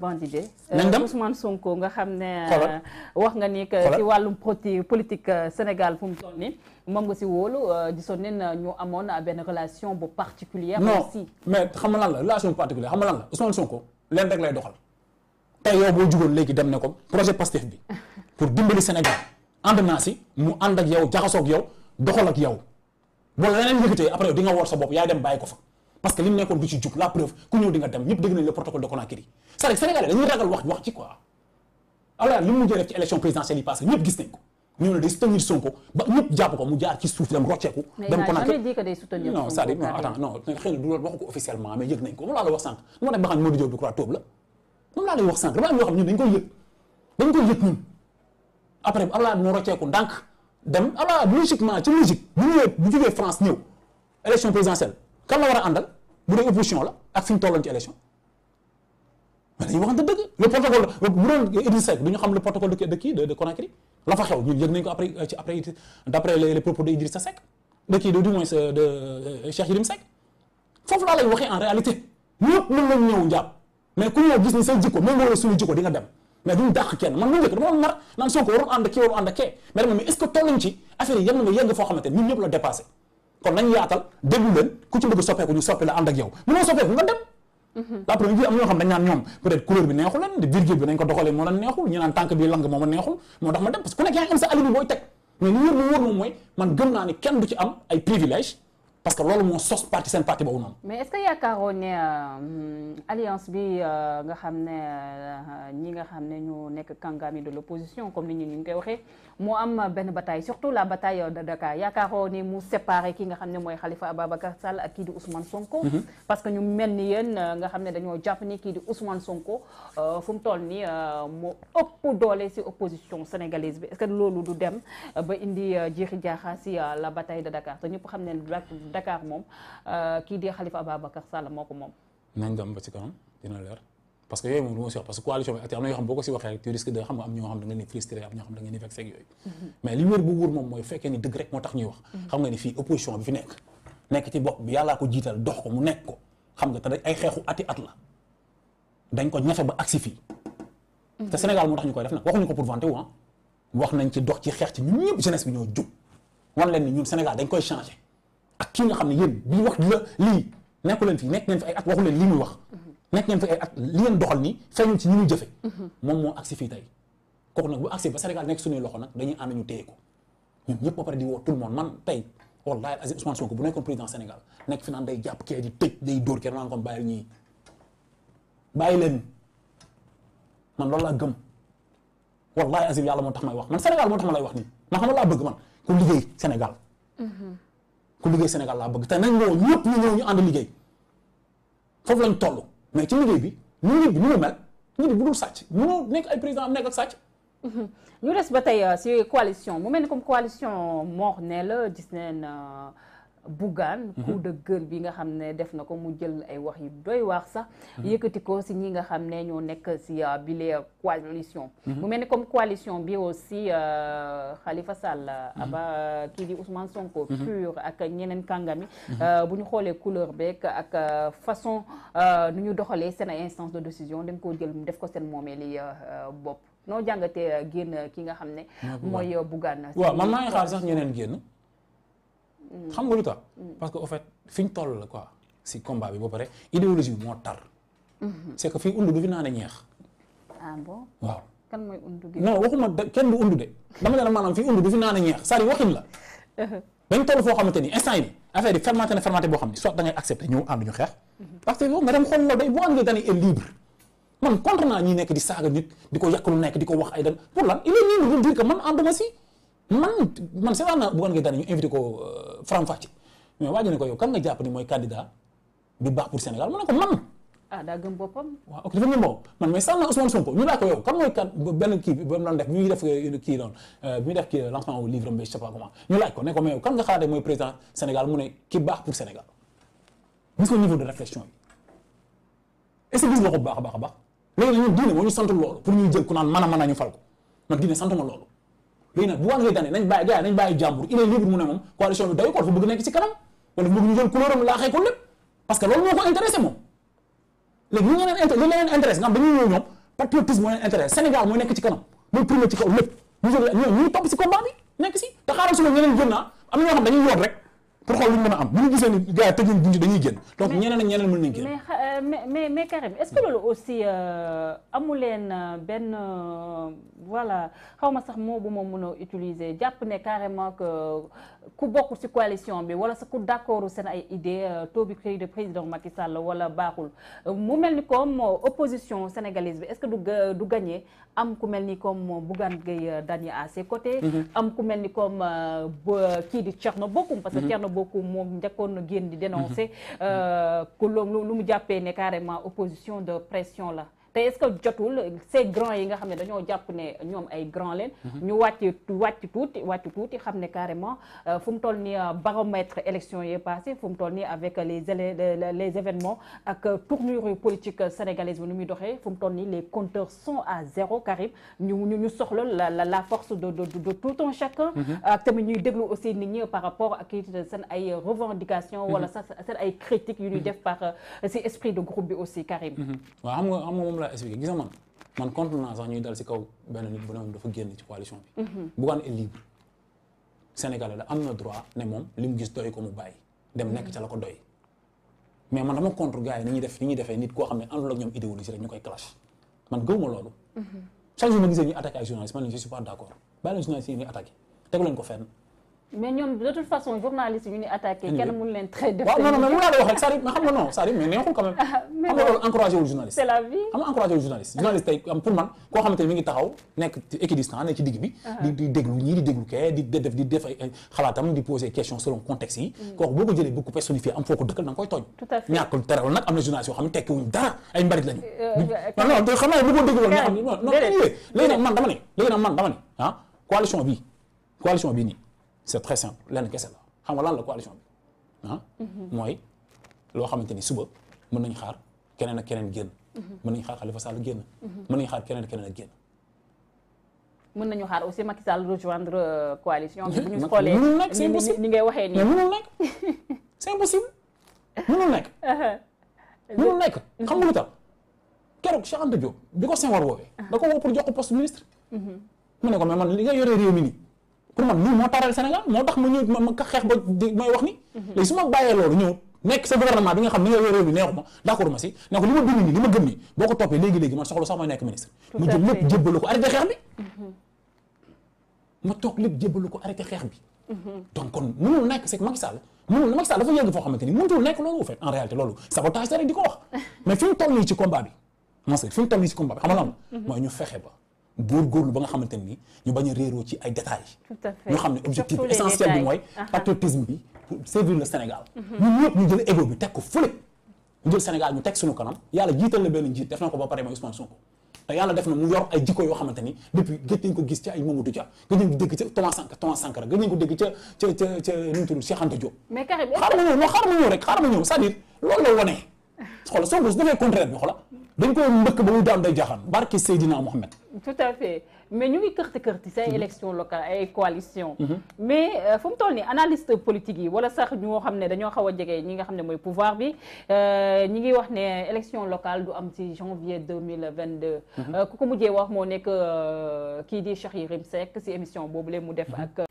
Bandidé. de euh, dem Ousmane Sonko nga xam ne. Euh, wax nga ni que ci wàllum politique politique euh, Sénégal fu mu toll nii moom nga si wóolu gisoon nañ ñu amoon benn relation bu particulière non mais xam lan la relation bu particulière xam lan la Ousmane Sonko leen rek lay doxal. tey yow boo jugoon léegi dem ne ko projet Pastef bi pour dimbali Sénégal ànd naa si mu ànd ak yow jaxasoo ak yow doxal ak yow boo leneen yëkkatee après di nga woor sa bopp yaay dem bàyyi ko fa. parce que li mu nekkoon du ci jub la preuve ku ñëw di nga dem ñëpp dégg nañ le protocole de Conakry c'est-à-dire sénégalais dañuy ragal wax wax ci quoi alors li mu mujjee def ci élection présidentielle yi passé ñëpp gis nañ ko ñëw ne day soutenir Sonko ba ñëpp jàpp ko mu jaar ci suuf dem rocceeku dem ko nag non c'est-à-dire non attends non xëy na du loolu waxu ko officiellement mais yëg nañ ko moom laa la wax sànq lu ma ne ba xam ne Modou Diop du croix toob la moom laa lay wax sànq dafa am yoo xam ne ñun dañ koy yëg dañ koy yëg ñun après Abdoulaye moo rocceeku ndànk dem Abdoulaye logiquement ci logique bu ñëwee bu jógee France ñëw élection présidentielle kan la war a àndal bu dee opposition la ak fi ñu tolloon ci élection mais dañuy waxante dëgg le protocole bu doon Idrissa Seck du ñu xam le protocole de kii de de Conakry la fa xew ñun yëg d' après euh, les propos de Idrissa Seck de kii de du moins euh, de euh, Cheikh Yérim Seck ñëw njàpp mais ku ñëw gis ni say jikko méngoo la suñu jikko di dem mais duñ dàq kenn man mu njëkk dama mais dama mais ci affaire yi na nga yegg foo xamante ñun ñëpp la dépassé kon nañ yaatal déglu ku ci bëgg soppeeku ñu soppi la ànd mhm. la am ñoo xam dañ naan ñoom peut-être couleur bi neexu leen virgule bi nañ ko neexul ñu naan tànk bi lang moo ma neexul moo tax ma dem parce que ku nekk yaa ngi am sa alibi booy teg mais li wóor mu wóor moom mooy man gëm naa ni kenn du ci am ay privilège parce que loolu moo sos parti seen parti boobu noonu. mais est-ce que yaakaaroon ne euh, alliance bi euh, nga xam ne euh, ñi nga xam ne ñu nekk kàngami de l'opposition comme ni ñu ngi koy waxee moo am benn bataille surtout la bataille de Dakar yaakaaroo ni mu séparé ki nga xam ne mooy Khalifa Ababacar Sall ak kii di Ousmane Sonko. Mm-hmm. parce que ñu mel ni yéen nga xam ne dañoo jàpp ni kii di Ousmane Sonko fu mu toll nii moo ëpp doole si opposition sénégalaise bi est que loolu du dem ba indi jeexi jaaxa ci la bataille de Dakar te ñëpp xam ne Dakar moom euh, kii di Khalifa Ababacar Sall moo ko moom. nañ dem ba ci kanam dina leer parce que yooyu moom du ma si wax parce que coalition am ñoo xam da nga ni frustré am ñoo xam da nga ni vexé ak yooyu. Mm-hmm. mais li wér bu wóor dëgg rek moo tax ñuy wax. Mm-hmm. xam nga ni fii opposition bi fi nekk. nekk ci bopp bi yàllaa ko jiital dox ko mu nekk ko xam nga te ay xeexu ati at la dañ ko ñafe ba agsi fii. Mm-hmm. te Sénégal moo tax ñu koy def nag waxuñu ko pour vanter ah. wax nañ ci dox ci xeex ci ñun ñëpp jeunesse ak kii nga xam ne yéen bi wax la lii nekku fi nekk ngeen fi ay at waxu leen li muy wax nekk ngeen fi ay at li ngeen doxal nii feeñul ci ñi muy jëfe moom moo agsi fii tey kooku nag bu agsi ba Sénégal nekk suñuy loxo nag dañuy ànd ñu téye ko ñun ñëpp ba pare di woo tout le monde man tey wallahi Aziz Ousmane Sonko bu nekkoon président Sénégal nekk fi naan day jàpp kee di tëj day dóor kee naan kon bàyyi ñii bàyyi leen man loolu laa gëm wallahi Aziz yàlla moo tax may wax man Sénégal moo tax ma wax nii man xam bëgg man ku liggéey ku liggéey Sénégal laa bëgg te nañ woo ñëpp ñu ñëw ñu ànd liggéey foofu lañ toll mais ci liggéey bi ñu nit bi ñu mu mel ñu di bu dul sàcc nekk ay président am nekk ak mhm. ñu des ba tey euh, si coalition mu mel ni comme coalition Mor ne la gis neen Bougane mhm. coup de gueule bi nga xam ne def na ko mu jël ay wax yu doy waax sax mhm. yëkkati ko si ñi nga xam ne ñoo nekk si euh, bile coalition mhm. mu mel ni comme coalition bi aussi euh, Khalifa Sall aba kii di ak ñeneen kàngami euh, bu ñu xoolee couleur beeg ak façon nu ñu doxalee seen ay instance de décision dañ ko jël def ko seen moomee li bopp noo jàngatee génn ki nga xam ne mooy Bougane waaw man maa ngi sax ñeneen génn Mm. xam nga lu tax mm. parce que au fait fi ñu toll la quoi si combat bi ba pare idéologie bi moo tar. Mm-hmm. c'est que fii undu du fi naan ñeex. ah bon waaw. kan mooy undu gi non waxuma kenn du undu de dama ne la maanaam fii undu du fi naan ñeex cest à waxin la. dañ toll foo xamante ni instant yi affaire yi fermenté ne soit da ngay accepté ñëw ñu xeex. Mm-hmm. parce que yow nga dem xool loolu day boo àndee dañuy est libre. man contre naa ñi nekk di saaga nit di ko yàq lu nekk di ko wax ay dem pour lan il est libre de dire que man ànduma si. man seetaan naa Bougane Gueye Dany ñu invité ko euh, Faram Facce mais waa ji ko yow kan nga jàpp ni mooy candidat bi baax pour Sénégal mu ne ko man. ah daa gëm boppam. waaw ok dafa def bi ñuy euh, euh, def kii noonu ne ko mais yow kan nga xalaatee mooy président Sénégal mu ki baax pour Sénégal gis nga niveau de réflexion yi est-ce que gis baax a baax a baax léegi nag ñun diine moo ñu sant loolu pour ñu jël ku naan mën a ñu fal ko man diine sant ma loolu léegi nag bu waan ngay daanee nañ bàyyi gars nañ bàyyi jàmbur il est libre mu ne moom coalition bi dayu ko dafa bëgg nekk ci kanam wala bëgg ñu jël couleur am laa xëy ko lépp parce que loolu moo ko intéressé moom léegi ñu nga leen li leen intéressé nga xam dañuy ñëw ñoom patriotisme moo leen intéressé Sénégal mooy nekk ci kanam mooy primé ci kaw lépp ñu jóg ñoo ñu topp si combat bi nekk si te xaaral su ma ñeneen gën naa am na ñoo xam dañuy yoot rek pour xool lu ñu mën ñu gisee ni gars yi tëj dañuy génn donc ñeneen ñeneen mën nañ génn euh, mais mais mais Karim est-ce que euh, amu leen euh, benn voilà xaw ma sax moo bu ma mun a utiliser jàpp ne carrément que ku bokk ci coalition bi wala sa ku d'accord seen ay idée taux bi crédit de président Macky Sall wala baaxul mu mel ni comme opposition sénégalaise bi est-ce que du du gagné am ku mel ni comme Bougane Gueye Dany à ses mm-hmm. am ku mel ni comme kii di Thierno Bocoum parce que mm-hmm. Bokoum moom njëkkoon na génn di mhm. dénoncer. que euh, loolu lu mu jàppee ne carrément opposition de pression la. te est-ce que jotul ces grands yi nga xam ne dañoo jàpp ne ñoom ay grand leen mhm. ñu wàcc wàcc tuuti wàcc tuuti xam ne carrément euh, fu mu toll ni euh, baromètre élection yi passé fu mu toll ni avec les les événements ak tournure politique sénégalaise bi nu muy doxee fu mu toll ni les compteurs sont à zéro Karim ñu ñu soxla la la force de de de tout un chacun mhm. ak tamit ñuy déglu aussi nit ñi par rapport ak seen ay revendications mhm. wala seen ay critiques yu ñuy def par euh, si esprit de groupe bi aussi Karim moom laa expliqué gis man man contre naa sax ñuy dal si kaw benn nit bu ne moom dafa génn ci coalition bi. Mhm. Bougane est libre Sénégalais la am na droit ne moom li mu gis doy ko mu bàyyi dem mhm. nekk ca la ko doy mais man dama contre gars yi ni ñuy defee nit koo xam ne àndul ak ñu koy clash man gëwuma loolu. Mhm. chaque jour ma gisee ñuy attaqué ay journaliste man je suis pas d' bàyyi leen journaliste yi ñuy attaqué tegu ko fenn. mais ñoom de toute façon journaliste yu ñu attaqué kenn mënu leen très def waaw non non mais mu laa wax rek Sarim mais xam nga non Sarim mais neexul quand même ah, xam nga loolu encouragé wul journaliste c'est la vie xam nga encouragé wul journaliste journaliste tey pour man koo xamante ne mi ngi taxaw nekk équidistant nekk ci digg bi ah. di di déglu ñii di déglu kee di def di def ay xalaatam di poser question selon contexte yi mm. kooku boo ko jëlee bu ko personnifié am foo ko dëkkal da nga koy tooñ ñàkkul teral nag am na journaliste yoo xam ne tekki wuñ dara ay mbarit lañu euh, euh, non non xam naa bu ko déglu woon mais am non non léegi nag man dama ne léegi nag man dama ne ah coalition bi coalition bii nii c'est très simple lenn kese la xam nga lan la coalition bi ah? mhm. mooy loo xamante ni suba mën nañ xaar keneen ak keneen génn mhm. mën nañ xaar Khalifa Sall génn mhm. mën nañ xaar keneen ak keneen ak génn mën nañu xaar aussi Macky Sall rejoindre euh, coalition bi bu ñu xoolee mënul nekk c'est impossible ni ngay waxee nii mënul nekk c'est impossible mënul nekk mënul nekk xam nga keroog Cheikh Anta Diop bi ko Senghor woowee da ko woo pour jox ko poste ministre mu ne ko nga yoree réew pour man lii moo taaral Sénégal moo tax ma ñëw ma ka xeex ba di may wax ni léegi su ma bàyyee loolu ñëw nekk sa gouvernement bi nga xam ni nga wéréew bi ma d'accord ma si ko li ma dund nii li ma gëm nii boo ko toppee léegi-léegi man soxla sax may nekk ministre ma xeex bi mhm. ma toog lépp jébbalu ko arrêté xeex bi mhm. donc kon mënul nekk c'est Macky Sall mënul dafa yegg foo xamante ni mënutul nekk loolu au fait en réalité loolu sabotage la rek di ko wax mais fi toll nii ci combat bi mon fi mu toll nii ci combat bi xam nga mhm. mooy ñu fexe ba góorgóorlu ba nga xamante ni ñu bañ a réeroo ci ay détails. tout à fait ñu xam ne objectif essentiel bi mooy. Uh-huh. patriotisme bi pour servir le Sénégal. Mm-hmm. ñun ñëpp ñu jël égo bi teg ko fële. ñu jël Sénégal ñu teg suñu kanam yàlla jiital na benn njiit def na ko ba pare mooy Ousmane Sonko te yàlla def na mu yor ay jikko yoo xamante depuis gëj nañ ko gis ci ay Mamadou Dia ca Thomas Sankara Thomas ko dégg ca ca ca ca nu mu tudd Cheikh Anta Diop. xaaral ma ñëw non xaaral ma ñëw rek xaaral la wone tout à fait mais ñu ngi kërti kërti say élection locale ay mhm. coalition mhm. mais euh, fu mu toll nii analyste politique yi wala sax ñoo xam ne dañoo xaw a jege ñi nga xam ne mooy pouvoir bi euh, ñi ngi wax ne élection locale du am ci janvier 2022 mhm. euh, ku ko mujjee wax moo nekk kii di Cheikh Yérim Seck si émission boobu lee mu def ak